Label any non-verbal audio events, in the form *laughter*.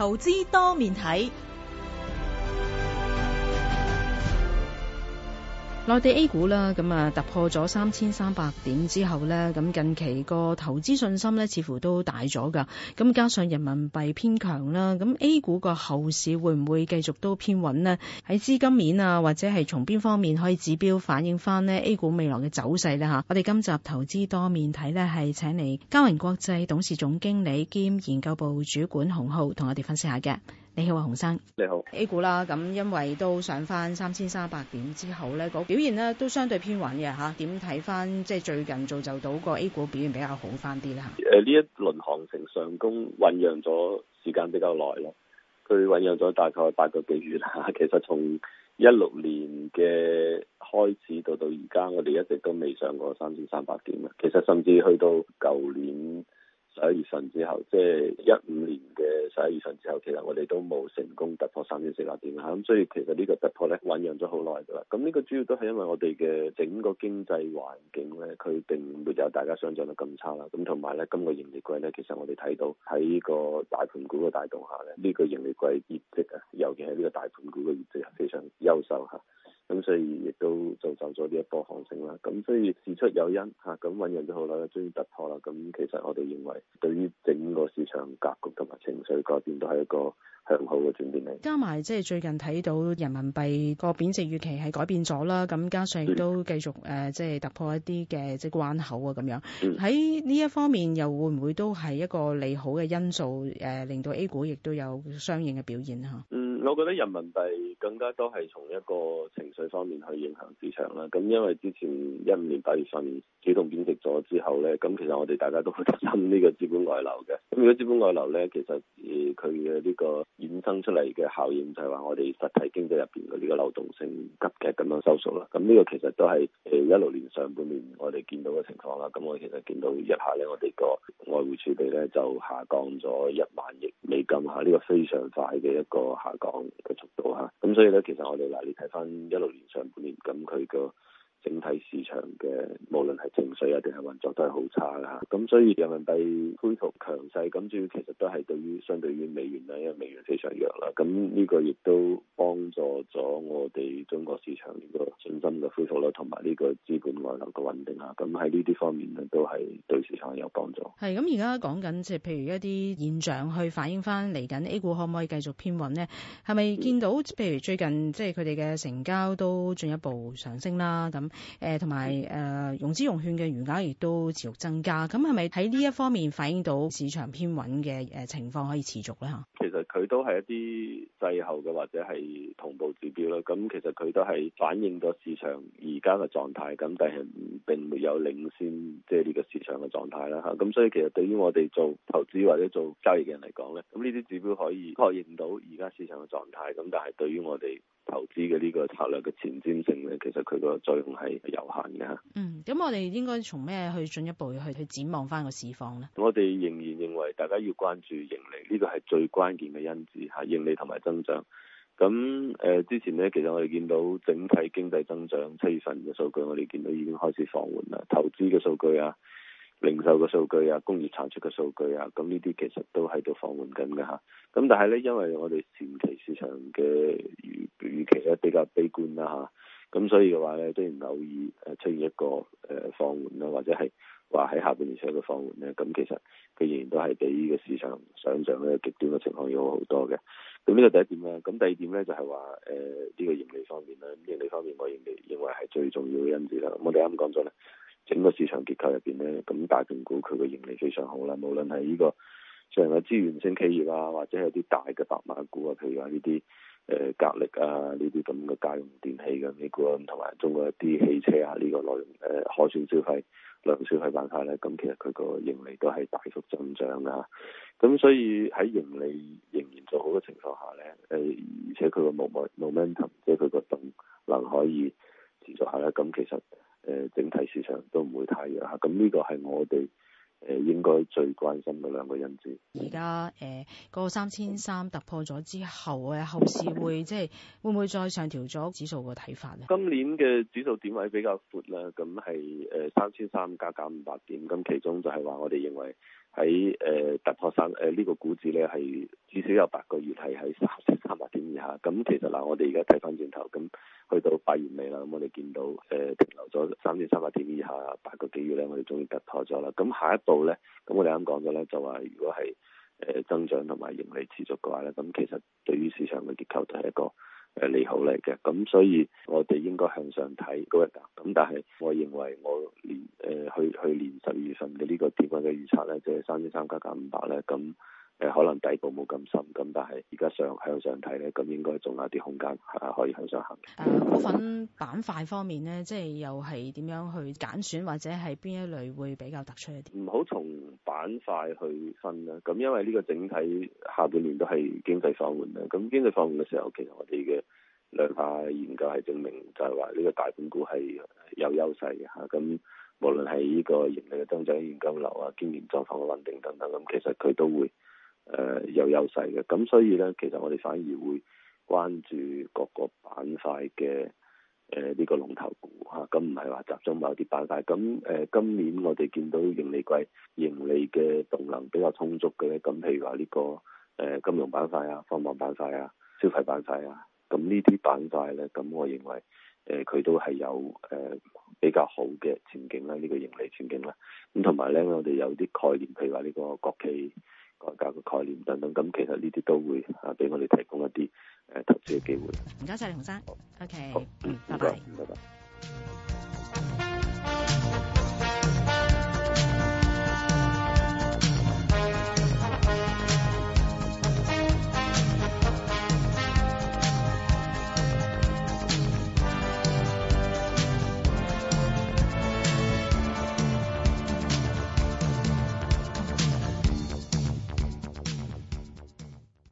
投資多面睇。內地 A 股啦，咁啊突破咗三千三百點之後呢，咁近期個投資信心呢，似乎都大咗噶。咁加上人民幣偏強啦，咁 A 股個後市會唔會繼續都偏穩呢？喺資金面啊，或者係從邊方面可以指標反映翻呢 A 股未來嘅走勢呢？吓，我哋今集投資多面睇呢，係請嚟交銀國際董事總經理兼研究部主管洪浩同我哋分析下嘅。你好，洪生，你好。A 股啦，咁因為都上翻三千三百點之後咧，嗰、那個、表現咧都相對偏穩嘅吓。點睇翻即係最近造就到個 A 股表現比較好翻啲咧？誒，呢一輪行情上攻醞釀咗時間比較耐咯，佢醞釀咗大概八個幾月啦、啊。其實從一六年嘅開始到到而家，我哋一直都未上過三千三百點啊。其實甚至去到舊年。十一月份之後，即係一五年嘅十一月份之後，其實我哋都冇成功突破三千四百點嚇，咁所以其實呢個突破咧，醖釀咗好耐㗎。咁呢個主要都係因為我哋嘅整個經濟環境咧，佢並沒有大家想象得咁差啦。咁同埋咧，今、這個盈利季咧，其實我哋睇到喺個大盤股嘅帶動下咧，呢、這個盈利季業績啊，尤其係呢個大盤股嘅業績係非常優秀嚇。咁所以亦都造就咗呢一波行情啦。咁所以事出有因吓，咁、啊、揾人都好啦，終於突破啦。咁其實我哋認為對於整個市場格局同埋情緒改變都係一個向好嘅轉變嚟。加埋即係最近睇到人民幣個貶值預期係改變咗啦。咁加上亦都繼續誒、嗯呃，即係突破一啲嘅即係關口啊，咁樣喺呢、嗯、一方面又會唔會都係一個利好嘅因素誒、呃，令到 A 股亦都有相應嘅表現啊？嗯，我覺得人民幣。更加多係從一個情緒方面去影響市場啦。咁因為之前一五年八月份主動貶值咗之後咧，咁其實我哋大家都係擔心呢個資本外流嘅。咁如果資本外流咧，其實誒佢嘅呢個衍生出嚟嘅效應就係話我哋實體經濟入邊嘅呢個流動性急劇咁樣收縮啦。咁呢個其實都係誒一六年上半年我哋見到嘅情況啦。咁我其實見到一下咧，我哋個外匯儲備咧就下降咗一萬億美金嚇，呢、啊呢個非常快嘅一個下降嘅速度嚇。啊。咁所以咧，其實我哋嗱，你睇翻一六年上半年咁，佢個整體市場嘅無論係情緒啊定係運作都係好差嘅。咁所以人民幣恢復強勢，咁主要其實都係對於相對於美元啦，因為美元非常弱啦，咁呢個亦都幫助咗我哋中國市場呢個信心嘅恢復啦，同埋呢個資本外流嘅穩定啊，咁喺呢啲方面呢，都係對市場有幫助。係咁，而家講緊即係譬如一啲現象去反映翻嚟緊 A 股可唔可以繼續偏穩呢？係咪見到是譬如最近即係佢哋嘅成交都進一步上升啦？咁誒，同埋誒，融資融券嘅餘額亦都持續增加，咁係咪喺呢一方面反映到市場偏穩嘅誒情況可以持續咧？吓，其實佢都係一啲滯後嘅或者係同步指標啦。咁其實佢都係反映咗市場而家嘅狀態，咁但係並沒有領先即係呢個市場嘅狀態啦。吓，咁所以其實對於我哋做投資或者做交易嘅人嚟講咧，咁呢啲指標可以確認到而家市場嘅狀態，咁但係對於我哋。投資嘅呢個策略嘅前瞻性咧，其實佢個作用係有限嘅吓。嗯，咁我哋應該從咩去進一步去去展望翻個市況咧？我哋仍然認為大家要關注盈利，呢個係最關鍵嘅因子吓，盈利同埋增長。咁誒、呃，之前咧，其實我哋見到整體經濟增長七月份嘅數據，我哋見到已經開始放緩啦，投資嘅數據啊。零售嘅數據啊，工業產出嘅數據啊，咁呢啲其實都喺度放緩緊㗎吓。咁但係咧，因為我哋前期市場嘅預預期咧比較悲觀啦吓，咁所以嘅話咧，雖然偶爾誒出現一個誒、呃、放緩啦，或者係話喺下面有個放緩咧，咁其實佢仍然都係比呢個市場想像嘅極端嘅情況要好好多嘅。咁呢個第一點啦。咁第二點咧就係話誒呢個盈利方面啦，盈利方面我認為認為係最重要嘅因子啦。我哋啱講咗啦。整個市場結構入邊咧，咁大盤股佢嘅盈利非常好啦。無論係呢個上嘅資源性企業啊，或者係啲大嘅白馬股啊，譬如話呢啲誒格力啊，呢啲咁嘅家用電器嘅美股啊，同埋中國一啲汽車啊，呢、這個內容誒、呃、可選消費、量消費板塊咧，咁其實佢個盈利都係大幅增長嘅。咁所以喺盈利仍然做好嘅情況下咧，誒、呃、而且佢個 momentum 即係佢個動能可以持續下咧，咁其實。誒、呃，整體市場都唔會太弱吓，咁、啊、呢、這個係我哋誒、呃、應該最關心嘅兩個因子。而家誒，呃那個三千三突破咗之後，誒 *laughs* 後市會即係會唔會再上調咗指數個睇法咧？今年嘅指數點位比較闊啦，咁係誒三千三加減五百點，咁其中就係話我哋認為喺誒、呃、突破三誒、呃這個、呢個股指咧係至少有八個月係喺三千三百點以下。咁其實嗱、呃，我哋而家睇翻轉頭咁。去到八月尾啦，咁我哋見到誒、呃、停留咗三千三百點以下，八個幾月咧？我哋終於突破咗啦。咁下一步咧，咁我哋啱講咗咧，就話如果係誒增長同埋盈利持續嘅話咧，咁其實對於市場嘅結構都係一個誒利好嚟嘅。咁所以我哋應該向上睇高一格。咁但係我認為我年誒、呃、去去年十二月份嘅呢個點嘅預測咧，即係三千三加減五百咧，咁。誒可能底部冇咁深，咁但係而家上向上睇咧，咁應該仲有啲空間嚇可以向上行嘅。誒股份板塊方面咧，即係又係點樣去揀選或者係邊一類會比較突出一啲？唔好從板塊去分啦，咁因為呢個整體下半年都係經濟放緩啦。咁經濟放緩嘅時候，其實我哋嘅量化研究係證明就係話呢個大盤股係有優勢嘅嚇。咁無論係呢個盈利嘅增長、現金流啊、經營狀況嘅穩定等等，咁其實佢都會。誒、呃、有優勢嘅，咁所以呢，其實我哋反而會關注各個板塊嘅誒呢個龍頭股嚇，咁唔係話集中某啲板塊。咁誒、呃、今年我哋見到盈利季，盈利嘅動能比較充足嘅，咁譬如話呢、這個誒、呃、金融板塊啊、科網板塊啊、消費板塊啊，咁呢啲板塊呢，咁我認為誒佢、呃、都係有誒、呃、比較好嘅前景啦，呢、這個盈利前景啦、啊。咁同埋呢，我哋有啲概念，譬如話呢個國企。改革嘅概念等等，咁其實呢啲都會啊，俾我哋提供一啲誒投資嘅機會。唔該曬，洪生。OK，嗯，拜拜。拜拜。